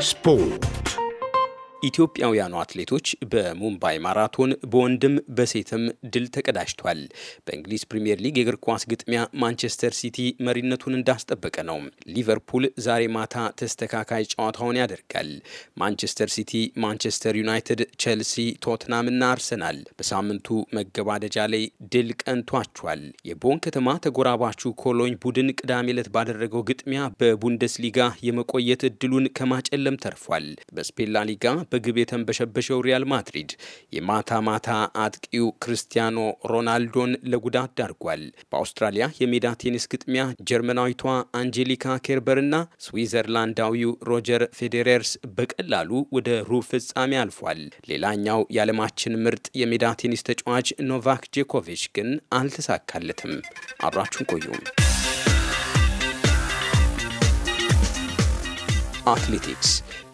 Sport. ኢትዮጵያውያኑ አትሌቶች በሙምባይ ማራቶን በወንድም በሴትም ድል ተቀዳጅቷል። በእንግሊዝ ፕሪምየር ሊግ የእግር ኳስ ግጥሚያ ማንቸስተር ሲቲ መሪነቱን እንዳስጠበቀ ነው። ሊቨርፑል ዛሬ ማታ ተስተካካይ ጨዋታውን ያደርጋል። ማንቸስተር ሲቲ፣ ማንቸስተር ዩናይትድ፣ ቼልሲ፣ ቶትናም እና አርሰናል በሳምንቱ መገባደጃ ላይ ድል ቀንቷቸዋል። የቦን ከተማ ተጎራባቹ ኮሎኝ ቡድን ቅዳሜ ዕለት ባደረገው ግጥሚያ በቡንደስሊጋ የመቆየት እድሉን ከማጨለም ተርፏል። በስፔን ሊጋ በግብ የተንበሸበሸው ሪያል ማድሪድ የማታ ማታ አጥቂው ክርስቲያኖ ሮናልዶን ለጉዳት ዳርጓል። በአውስትራሊያ የሜዳ ቴኒስ ግጥሚያ ጀርመናዊቷ አንጀሊካ ኬርበርና ስዊዘርላንዳዊው ሮጀር ፌዴሬርስ በቀላሉ ወደ ሩብ ፍጻሜ አልፏል። ሌላኛው የዓለማችን ምርጥ የሜዳ ቴኒስ ተጫዋች ኖቫክ ጆኮቪች ግን አልተሳካለትም። አብራችሁን ቆዩም። አትሌቲክስ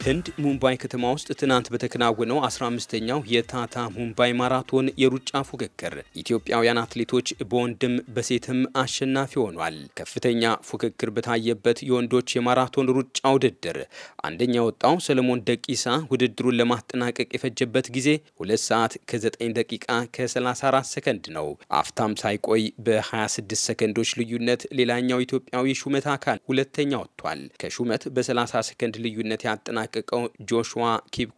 ህንድ ሙምባይ ከተማ ውስጥ ትናንት በተከናወነው 15ኛው የታታ ሙምባይ ማራቶን የሩጫ ፉክክር ኢትዮጵያውያን አትሌቶች በወንድም በሴትም አሸናፊ ሆኗል። ከፍተኛ ፉክክር በታየበት የወንዶች የማራቶን ሩጫ ውድድር አንደኛ ወጣው ሰለሞን ደቂሳ ውድድሩን ለማጠናቀቅ የፈጀበት ጊዜ 2 ሰዓት ከ9 ደቂቃ ከ34 ሰከንድ ነው። አፍታም ሳይቆይ በ26 ሰከንዶች ልዩነት ሌላኛው ኢትዮጵያዊ ሹመት አካል ሁለተኛ ወጥቷል። ከሹመት በ30 ሰከንድ ልዩነት ያጠናቀ ያጠናቀቀው ጆሹዋ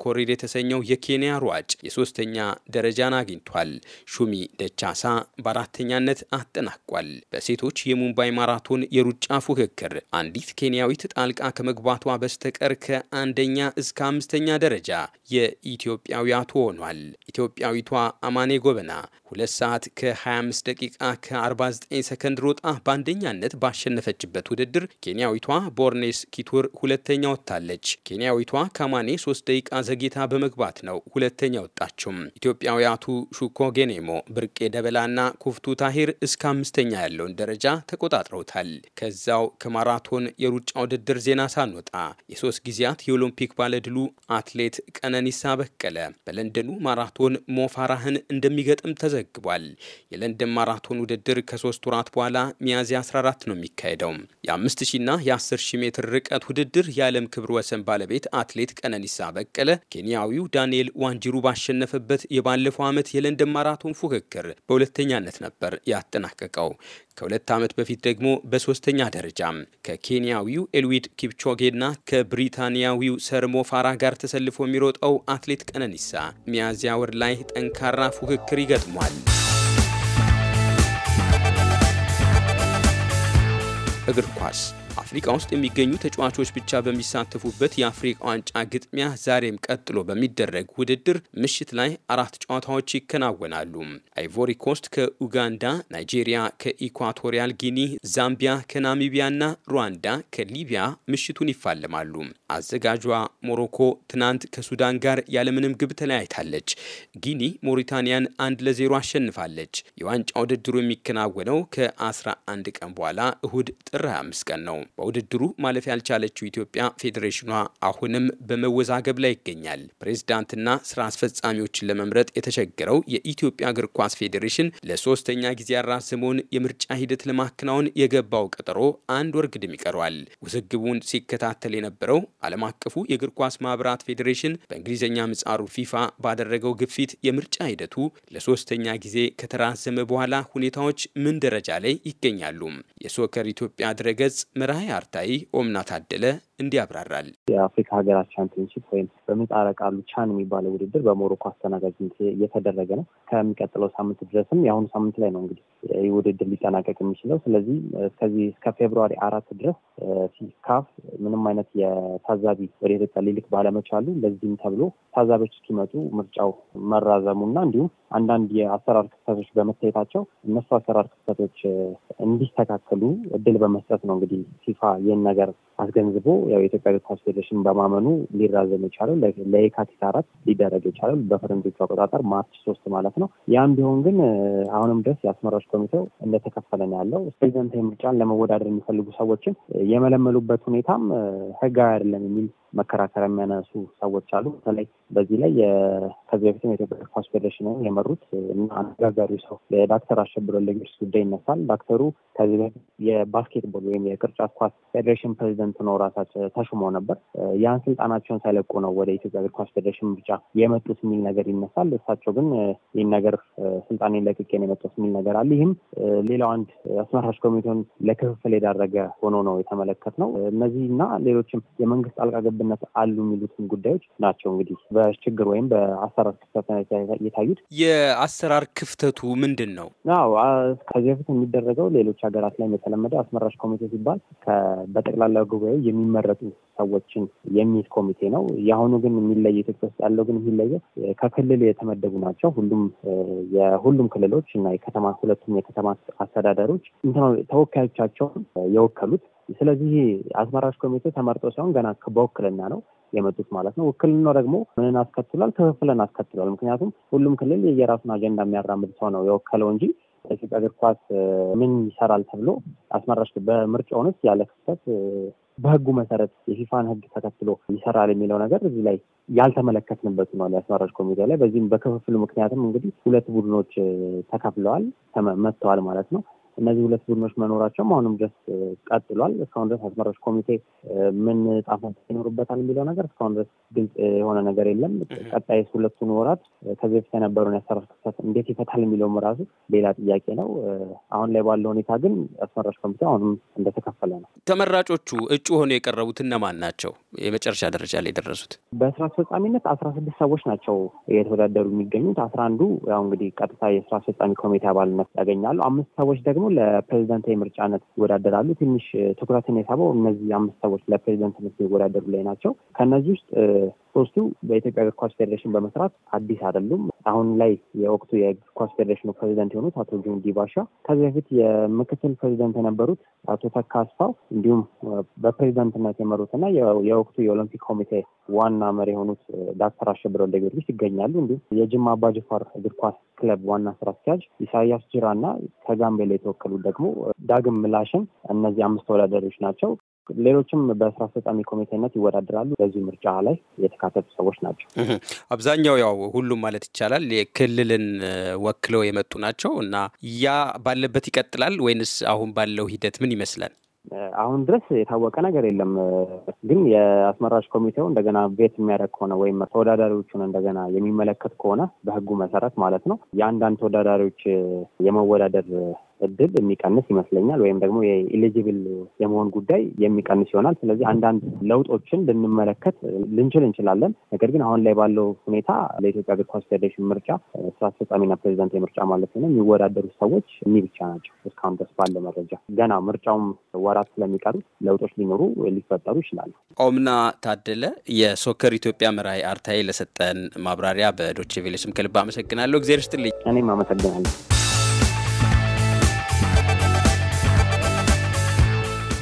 ኮሪድ የተሰኘው የኬንያ ሯጭ የሶስተኛ ደረጃን አግኝቷል። ሹሚ ደቻሳ በአራተኛነት አጠናቋል። በሴቶች የሙምባይ ማራቶን የሩጫ ፉክክር አንዲት ኬንያዊት ጣልቃ ከመግባቷ በስተቀር ከአንደኛ እስከ አምስተኛ ደረጃ የኢትዮጵያውያቱ ሆኗል። ኢትዮጵያዊቷ አማኔ ጎበና ሁለት ሰዓት ከ25 ደቂቃ ከ49 ሰከንድ ሮጣ በአንደኛነት ባሸነፈችበት ውድድር ኬንያዊቷ ቦርኔስ ኪቱር ሁለተኛ ወጥታለች። ኬንያዊቷ ካማኔ ሶስት ደቂቃ ዘግይታ በመግባት ነው ሁለተኛ ወጣችውም። ኢትዮጵያውያቱ ሹኮ ጌኔሞ፣ ብርቄ ደበላና ኩፍቱ ታሂር እስከ አምስተኛ ያለውን ደረጃ ተቆጣጥረውታል። ከዛው ከማራቶን የሩጫ ውድድር ዜና ሳንወጣ የሶስት ጊዜያት የኦሎምፒክ ባለድሉ አትሌት ቀነኒሳ በቀለ በለንደኑ ማራቶን ሞፋራህን እንደሚገጥም ተዘ ተዘግቧል። የለንደን ማራቶን ውድድር ከሶስት ወራት በኋላ ሚያዝያ 14 ነው የሚካሄደው። የ5000ና የ10000 ሜትር ርቀት ውድድር የዓለም ክብር ወሰን ባለቤት አትሌት ቀነኒሳ በቀለ ኬንያዊው ዳንኤል ዋንጂሩ ባሸነፈበት የባለፈው ዓመት የለንደን ማራቶን ፉክክር በሁለተኛነት ነበር ያጠናቀቀው። ከሁለት ዓመት በፊት ደግሞ በሶስተኛ ደረጃ ከኬንያዊው ኤልዊድ ኪፕቾጌና ከብሪታንያዊው ሰርሞ ፋራ ጋር ተሰልፎ የሚሮጠው አትሌት ቀነኒሳ ሚያዝያ ወር ላይ ጠንካራ ፉክክር ይገጥሟል። እግር ኳስ አፍሪካ ውስጥ የሚገኙ ተጫዋቾች ብቻ በሚሳተፉበት የአፍሪካ ዋንጫ ግጥሚያ ዛሬም ቀጥሎ በሚደረግ ውድድር ምሽት ላይ አራት ጨዋታዎች ይከናወናሉ። አይቮሪ ኮስት ከኡጋንዳ፣ ናይጄሪያ ከኢኳቶሪያል ጊኒ፣ ዛምቢያ ከናሚቢያ ና ሩዋንዳ ከሊቢያ ምሽቱን ይፋለማሉ። አዘጋጇ ሞሮኮ ትናንት ከሱዳን ጋር ያለምንም ግብ ተለያይታለች። ጊኒ ሞሪታንያን አንድ ለዜሮ አሸንፋለች። የዋንጫ ውድድሩ የሚከናወነው ከ11 ቀን በኋላ እሁድ ጥር 25 ቀን ነው። በውድድሩ ማለፍ ያልቻለችው ኢትዮጵያ ፌዴሬሽኗ አሁንም በመወዛገብ ላይ ይገኛል። ፕሬዝዳንትና ስራ አስፈጻሚዎችን ለመምረጥ የተቸገረው የኢትዮጵያ እግር ኳስ ፌዴሬሽን ለሶስተኛ ጊዜ ያራዘመውን የምርጫ ሂደት ለማከናወን የገባው ቀጠሮ አንድ ወር ግድም ይቀረዋል። ውዝግቡን ሲከታተል የነበረው ዓለም አቀፉ የእግር ኳስ ማህበራት ፌዴሬሽን በእንግሊዝኛ ምጻሩ ፊፋ ባደረገው ግፊት የምርጫ ሂደቱ ለሶስተኛ ጊዜ ከተራዘመ በኋላ ሁኔታዎች ምን ደረጃ ላይ ይገኛሉ? የሶከር ኢትዮጵያ ድረገጽ መርሃ አርታይ ኦምና ታደለ እንዲህ ያብራራል። የአፍሪካ ሀገራት ቻምፒዮንሺፕ ወይም በምህጻረ ቃሉ ቻን የሚባለው ውድድር በሞሮኮ አስተናጋጅነት እየተደረገ ነው። ከሚቀጥለው ሳምንት ድረስም የአሁኑ ሳምንት ላይ ነው እንግዲህ ይህ ውድድር ሊጠናቀቅ የሚችለው። ስለዚህ እስከዚህ እስከ ፌብሩዋሪ አራት ድረስ ሲካፍ ምንም አይነት የታዛቢ ወደ ኢትዮጵያ ሊልክ ባለመቻሉ ለዚህም ተብሎ ታዛቢዎች እስኪመጡ ምርጫው መራዘሙ መራዘሙና እንዲሁም አንዳንድ የአሰራር ክፍተቶች በመታየታቸው እነሱ አሰራር ክፍተቶች እንዲስተካከሉ እድል በመስጠት ነው እንግዲህ ፊፋ ይህን ነገር አስገንዝቦ ያው የኢትዮጵያ እግር ኳስ ፌዴሬሽን በማመኑ ሊራዘም የቻለው ለየካቲት አራት ሊደረግ የቻለው በፈረንጆቹ አቆጣጠር ማርች ሶስት ማለት ነው። ያም ቢሆን ግን አሁንም ድረስ የአስመራጭ ኮሚቴው እንደተከፈለ ነው ያለው። ፕሬዚደንታዊ ምርጫን ለመወዳደር የሚፈልጉ ሰዎችን የመለመሉበት ሁኔታም ህጋዊ አይደለም የሚል መከራከሪያ የሚያነሱ ሰዎች አሉ። በተለይ በዚህ ላይ ከዚህ በፊትም የኢትዮጵያ እግር ኳስ ፌዴሬሽንን የመሩት እና አነጋጋሪው ሰው የዳክተር አሸብር ወልደጊዮርጊስ ጉዳይ ይነሳል። ዳክተሩ ከዚህ በፊት የባስኬትቦል ወይም የቅርጫት ኳስ ፌዴሬሽን ፕሬዚደንት ነው ራሳቸው ተሹመው ነበር። ያን ስልጣናቸውን ሳይለቁ ነው ወደ ኢትዮጵያ እግር ኳስ ፌዴሬሽን ምርጫ የመጡት የሚል ነገር ይነሳል። እሳቸው ግን ይህን ነገር ስልጣኔ ለቅቄ ነው የመጡት የሚል ነገር አለ። ይህም ሌላው አንድ አስመራጭ ኮሚቴውን ለክፍፍል የዳረገ ሆኖ ነው የተመለከት ነው። እነዚህ እና ሌሎችም የመንግስት ጣልቃ ገብነት ተያያዥነት አሉ የሚሉትን ጉዳዮች ናቸው እንግዲህ በችግር ወይም በአሰራር ክፍተት የታዩት። የአሰራር ክፍተቱ ምንድን ነው? አዎ ከዚህ በፊት የሚደረገው ሌሎች ሀገራት ላይ የተለመደ አስመራጭ ኮሚቴ ሲባል በጠቅላላ ጉባኤ የሚመረጡ ሰዎችን የሚይዝ ኮሚቴ ነው። የአሁኑ ግን የሚለየ ኢትዮጵያ ውስጥ ያለው ግን የሚለየ ከክልል የተመደቡ ናቸው። ሁሉም የሁሉም ክልሎች እና የከተማ ሁለቱም የከተማ አስተዳደሮች ተወካዮቻቸውን የወከሉት ስለዚህ አስመራጭ ኮሚቴ ተመርጦ ሳይሆን ገና በውክልና ነው የመጡት ማለት ነው። ውክልናው ደግሞ ምንን አስከትሏል? ክፍፍልን አስከትሏል። ምክንያቱም ሁሉም ክልል የራሱን አጀንዳ የሚያራምድ ሰው ነው የወከለው እንጂ ኢትዮጵያ እግር ኳስ ምን ይሰራል ተብሎ አስመራሽ በምርጫው ያለ ክፍተት በህጉ መሰረት የፊፋን ህግ ተከትሎ ይሰራል የሚለው ነገር እዚህ ላይ ያልተመለከትንበት ነው። የአስመራጭ ኮሚቴ ላይ። በዚህም በክፍፍሉ ምክንያትም እንግዲህ ሁለት ቡድኖች ተከፍለዋል መጥተዋል ማለት ነው። እነዚህ ሁለት ቡድኖች መኖራቸውም አሁንም ድረስ ቀጥሏል። እስካሁን ድረስ አስመራጭ ኮሚቴ ምን ጣፋት ይኖሩበታል የሚለው ነገር እስካሁን ድረስ ግልጽ የሆነ ነገር የለም። ቀጣይ ሁለቱን ወራት ከዚህ በፊት የነበረውን ያሰራር ክፍተት እንዴት ይፈታል የሚለውም ራሱ ሌላ ጥያቄ ነው። አሁን ላይ ባለው ሁኔታ ግን አስመራጭ ኮሚቴ አሁንም እንደተከፈለ ነው። ተመራጮቹ እጩ ሆኖ የቀረቡት እነማን ናቸው? የመጨረሻ ደረጃ ላይ የደረሱት በስራ አስፈጻሚነት አስራ ስድስት ሰዎች ናቸው የተወዳደሩ የሚገኙት። አስራ አንዱ ያው እንግዲህ ቀጥታ የስራ አስፈጻሚ ኮሚቴ አባልነት ያገኛሉ። አምስት ሰዎች ደግሞ ለፕሬዚዳንታዊ ምርጫነት ይወዳደራሉ። ትንሽ ትኩረትን የሳበው እነዚህ አምስት ሰዎች ለፕሬዚዳንትነት የሚወዳደሩ ላይ ናቸው። ከእነዚህ ውስጥ ሶስቱ በኢትዮጵያ እግር ኳስ ፌዴሬሽን በመስራት አዲስ አይደሉም። አሁን ላይ የወቅቱ የእግር ኳስ ፌዴሬሽኑ ፕሬዚደንት የሆኑት አቶ ጁን ዲባሻ፣ ከዚህ በፊት የምክትል ፕሬዚደንት የነበሩት አቶ ተካ አስፋው እንዲሁም በፕሬዚዳንትነት የመሩትና የወቅቱ የኦሎምፒክ ኮሚቴ ዋና መሪ የሆኑት ዳክተር አሸብረ ወልደ ጊዮርጊስ ይገኛሉ። እንዲሁም የጅማ አባጅፋር እግር ኳስ ክለብ ዋና ስራ አስኪያጅ ኢሳያስ ጅራ እና ከጋምቤላ የተወከሉት ደግሞ ዳግም ምላሽን እነዚህ አምስት ተወዳዳሪዎች ናቸው። ሌሎችም በስራ አስፈጻሚ ኮሚቴነት ይወዳደራሉ። በዚህ ምርጫ ላይ የተካተቱ ሰዎች ናቸው። አብዛኛው ያው ሁሉም ማለት ይቻላል የክልልን ወክለው የመጡ ናቸው እና ያ ባለበት ይቀጥላል ወይንስ አሁን ባለው ሂደት ምን ይመስላል? አሁን ድረስ የታወቀ ነገር የለም። ግን የአስመራጭ ኮሚቴው እንደገና ቤት የሚያደርግ ከሆነ ወይም ተወዳዳሪዎቹን እንደገና የሚመለከት ከሆነ በህጉ መሰረት ማለት ነው የአንዳንድ ተወዳዳሪዎች የመወዳደር እድል የሚቀንስ ይመስለኛል። ወይም ደግሞ የኢሊጂብል የመሆን ጉዳይ የሚቀንስ ይሆናል። ስለዚህ አንዳንድ ለውጦችን ልንመለከት ልንችል እንችላለን። ነገር ግን አሁን ላይ ባለው ሁኔታ ለኢትዮጵያ እግር ኳስ ፌዴሬሽን ምርጫ ስራ አስፈጻሚና ፕሬዚዳንት የምርጫ ማለት ነው የሚወዳደሩት ሰዎች እኒህ ብቻ ናቸው። እስካሁን ደስ ባለ መረጃ ገና ምርጫውም ወራት ስለሚቀሩት ለውጦች ሊኖሩ ሊፈጠሩ ይችላሉ። ኦምና ታደለ የሶከር ኢትዮጵያ መራይ አርታይ ለሰጠን ማብራሪያ በዶቼ ቬሌ ስም ከልብ አመሰግናለሁ። እግዚአብሔር እኔም አመሰግናለሁ።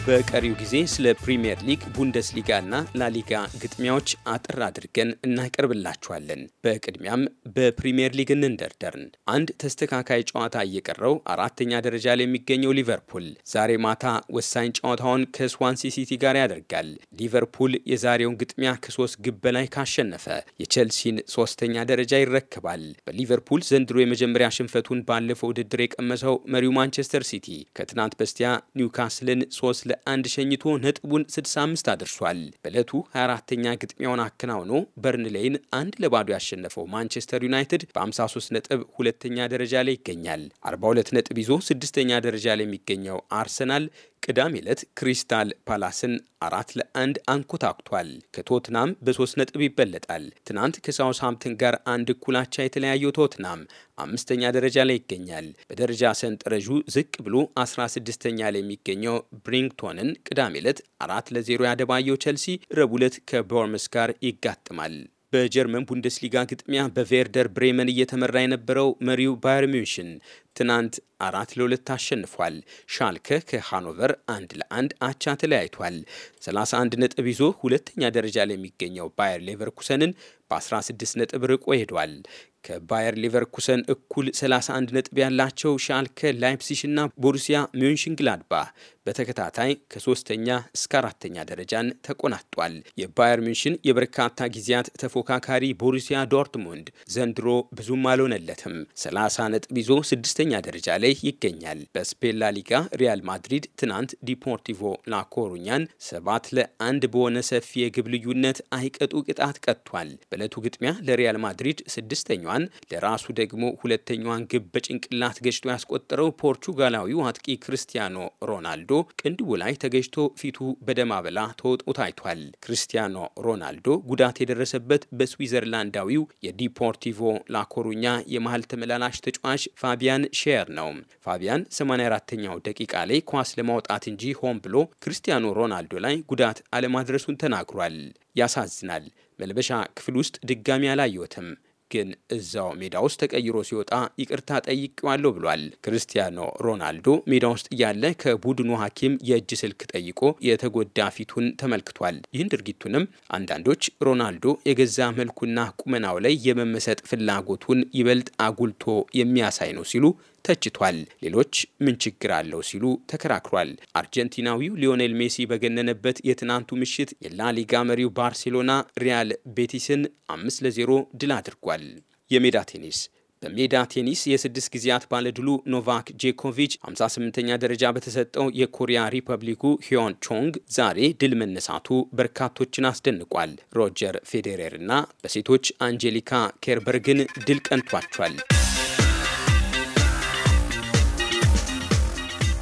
በቀሪው ጊዜ ስለ ፕሪምየር ሊግ፣ ቡንደስሊጋና ላሊጋ ግጥሚያዎች አጥር አድርገን እናቀርብላችኋለን። በቅድሚያም በፕሪምየር ሊግ እንደርደርን። አንድ ተስተካካይ ጨዋታ እየቀረው አራተኛ ደረጃ ላይ የሚገኘው ሊቨርፑል ዛሬ ማታ ወሳኝ ጨዋታውን ከስዋንሲ ሲቲ ጋር ያደርጋል። ሊቨርፑል የዛሬውን ግጥሚያ ከሶስት ግብ በላይ ካሸነፈ የቼልሲን ሶስተኛ ደረጃ ይረክባል። በሊቨርፑል ዘንድሮ የመጀመሪያ ሽንፈቱን ባለፈው ውድድር የቀመሰው መሪው ማንቸስተር ሲቲ ከትናንት በስቲያ ኒውካስልን ሶስት ለአንድ ሸኝቶ ነጥቡን 65 አድርሷል። በዕለቱ 24ተኛ ግጥሚያውን አከናውኖ በርንሌይን አንድ ለባዶ ያሸነፈው ማንቸስተር ዩናይትድ በ53 ነጥብ ሁለተኛ ደረጃ ላይ ይገኛል። 42 ነጥብ ይዞ ስድስተኛ ደረጃ ላይ የሚገኘው አርሰናል ቅዳሜ ዕለት ክሪስታል ፓላስን አራት ለአንድ አንኮታኩቷል። ከቶትናም በሶስት ነጥብ ይበለጣል። ትናንት ከሳውስሃምፕተን ጋር አንድ እኩላቻ የተለያየው ቶትናም አምስተኛ ደረጃ ላይ ይገኛል። በደረጃ ሰንጠረዡ ዝቅ ብሎ 16ኛ ላይ የሚገኘው ብሪንግቶንን ቅዳሜ ዕለት አራት ለዜሮ ያደባየው ቸልሲ ረቡዕ ዕለት ከቦርምስ ጋር ይጋጥማል። በጀርመን ቡንደስሊጋ ግጥሚያ በቬርደር ብሬመን እየተመራ የነበረው መሪው ባየር ሚንሽን ትናንት አራት ለሁለት አሸንፏል። ሻልከ ከሃኖቨር አንድ ለአንድ አቻ ተለያይቷል። 31 ነጥብ ይዞ ሁለተኛ ደረጃ ላይ የሚገኘው ባየር ሌቨርኩሰንን በ16 ነጥብ ርቆ ሄዷል። ከባየር ሌቨርኩሰን እኩል 31 ነጥብ ያላቸው ሻልከ፣ ላይፕሲሽ እና ቦሩሲያ ግላድባ በተከታታይ ከሶስተኛ እስከ አራተኛ ደረጃን ተቆናጧል። የባየር ሚንሽን የበርካታ ጊዜያት ተፎካካሪ ቦሩሲያ ዶርትሙንድ ዘንድሮ ብዙም አልሆነለትም። 30 ነጥብ ይዞ ስድስተ ሁለተኛ ደረጃ ላይ ይገኛል። በስፔን ላሊጋ ሪያል ማድሪድ ትናንት ዲፖርቲቮ ላኮሩኛን ሰባት ለአንድ በሆነ ሰፊ የግብ ልዩነት አይቀጡ ቅጣት ቀጥቷል። በዕለቱ ግጥሚያ ለሪያል ማድሪድ ስድስተኛዋን ለራሱ ደግሞ ሁለተኛዋን ግብ በጭንቅላት ገጭቶ ያስቆጠረው ፖርቹጋላዊው አጥቂ ክርስቲያኖ ሮናልዶ ቅንድቡ ላይ ተገጭቶ ፊቱ በደማበላ ተወጥቶ ታይቷል። ክርስቲያኖ ሮናልዶ ጉዳት የደረሰበት በስዊዘርላንዳዊው የዲፖርቲቮ ላኮሩኛ የመሀል ተመላላሽ ተጫዋች ፋቢያን ሼር ነው። ፋቢያን 84ኛው ደቂቃ ላይ ኳስ ለማውጣት እንጂ ሆን ብሎ ክርስቲያኖ ሮናልዶ ላይ ጉዳት አለማድረሱን ተናግሯል። ያሳዝናል። መልበሻ ክፍል ውስጥ ድጋሚ አላየወትም። ግን እዛው ሜዳ ውስጥ ተቀይሮ ሲወጣ ይቅርታ ጠይቀዋለሁ ብሏል። ክርስቲያኖ ሮናልዶ ሜዳ ውስጥ እያለ ከቡድኑ ሐኪም የእጅ ስልክ ጠይቆ የተጎዳ ፊቱን ተመልክቷል። ይህን ድርጊቱንም አንዳንዶች ሮናልዶ የገዛ መልኩና ቁመናው ላይ የመመሰጥ ፍላጎቱን ይበልጥ አጉልቶ የሚያሳይ ነው ሲሉ ተችቷል። ሌሎች ምን ችግር አለው ሲሉ ተከራክሯል። አርጀንቲናዊው ሊዮኔል ሜሲ በገነነበት የትናንቱ ምሽት የላሊጋ መሪው ባርሴሎና ሪያል ቤቲስን አምስት ለዜሮ ድል አድርጓል። የሜዳ ቴኒስ በሜዳ ቴኒስ የስድስት ጊዜያት ባለድሉ ኖቫክ ጄኮቪች 58ኛ ደረጃ በተሰጠው የኮሪያ ሪፐብሊኩ ሂዮን ቾንግ ዛሬ ድል መነሳቱ በርካቶችን አስደንቋል። ሮጀር ፌዴሬር እና በሴቶች አንጄሊካ ኬርበርግን ድል ቀንቷቸዋል።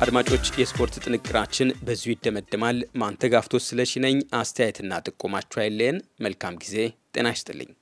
አድማጮች፣ የስፖርት ጥንቅራችን በዚሁ ይደመድማል። ማንተጋፍቶ ስለሽነኝ አስተያየትና ጥቆማችሁ አይለየን። መልካም ጊዜ። ጤና ይስጥልኝ።